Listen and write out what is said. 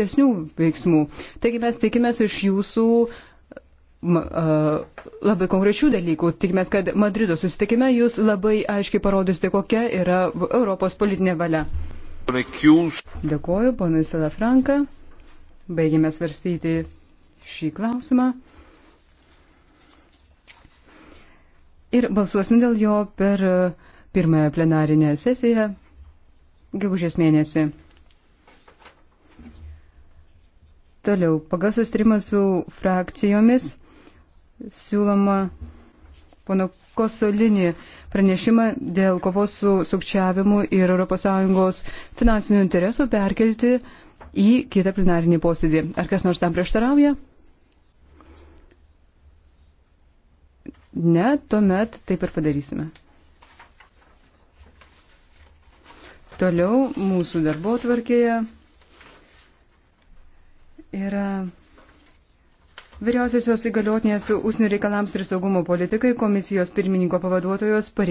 tesnių veiksmų. Taigi mes tikimės iš jūsų labai konkrečių dalykų. Tikimės, kad Madrido susitikime jūs labai aiškiai parodysite, kokia yra Europos politinė valia. Dėkuoju, ponui Salafranka. Baigėme svarstyti šį klausimą. Ir balsuosim dėl jo per pirmąją plenarinę sesiją gegužės mėnesį. Toliau, pagal sustrimą su frakcijomis siūloma pono Kosolinį pranešimą dėl kovos su sukčiavimu ir ES finansinių interesų perkelti į kitą plenarinį posėdį. Ar kas nors tam prieštarauja? Ne, tuomet taip ir padarysime. Toliau mūsų darbo tvarkėje yra vyriausiosios įgaliotinės užsienio reikalams ir saugumo politikai komisijos pirmininko pavaduotojos pareigūnės.